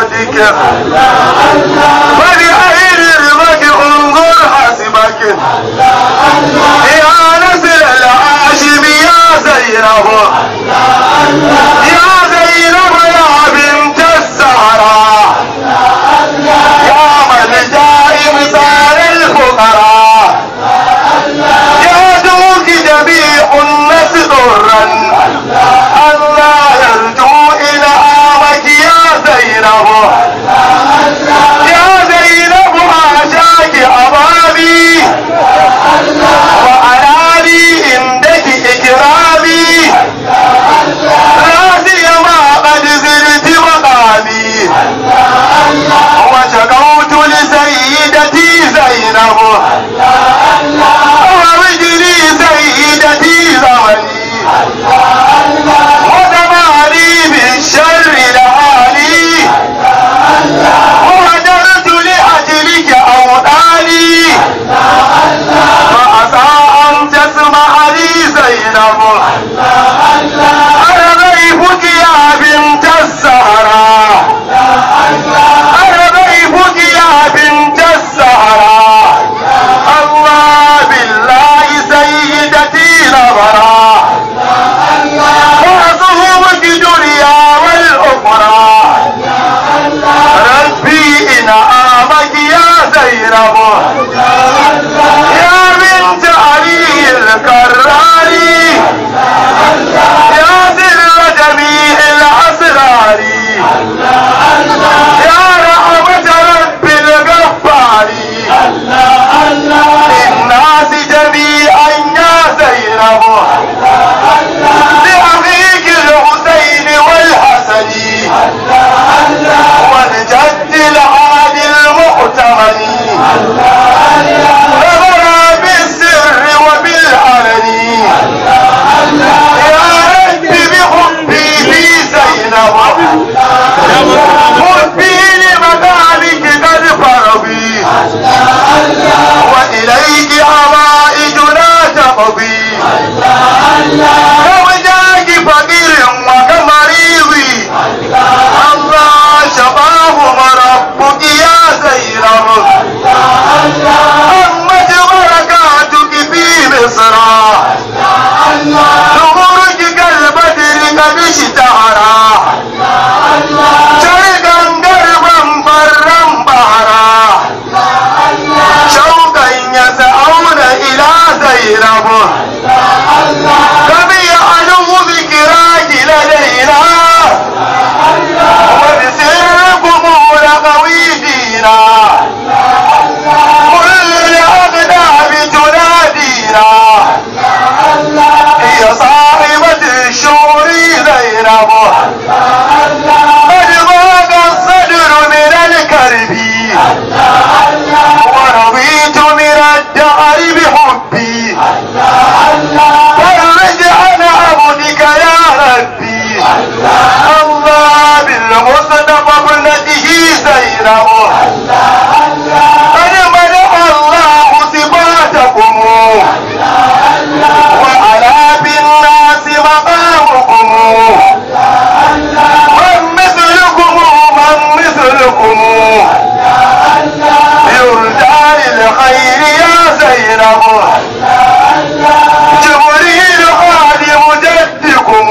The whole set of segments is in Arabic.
وجهك فلأي رضاك انظر حاسبك يا نسل العاشم يا زينه الله الله Bravo. ووجاج فقير وكمريض الله شفاه ربك يا خير أمت بركاتك في مصر الله وسلم وابنته زينب من منع الله ثباتكم وعلى بالناس مقامكم من مثلكم من مثلكم يرجى للخير يا زينب جبريل خادم جدكم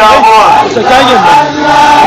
哎，这干净吗？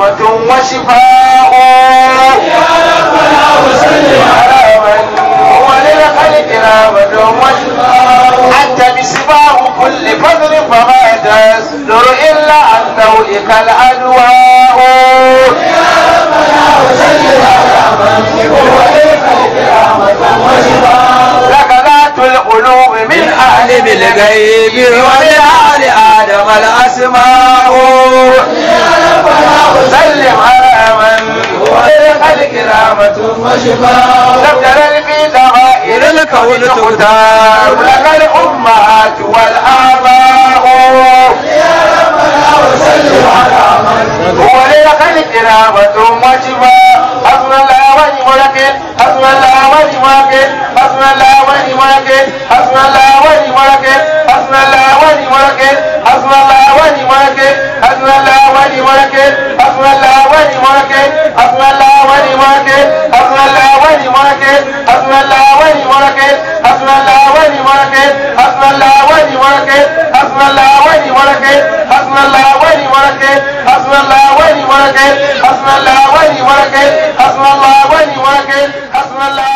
ورحمة وشفاء يا ربنا وسلم على أنت بسباه كل فضل فما تسدر إلا أنه إك الأنوار وشفاء لم ترى في دغائر الكون تختار لك الأمهات والآباء يا ربنا وسلم على من هو للخلق رحمة وشفاء أصل الله ولملك أصل الله واكد حسن الله ولي واكد حسن الله ولي واكد حسن الله ولي واكد حسن الله ولي واكد حسن الله ولي واكد حسن الله ولي واكد حسن الله ولي واكد حسن الله ولي واكد حسن الله ولي واكد حسن الله ولي واكد حسن الله ولي واكد حسن الله ولي واكد حسن الله ولي واكد حسن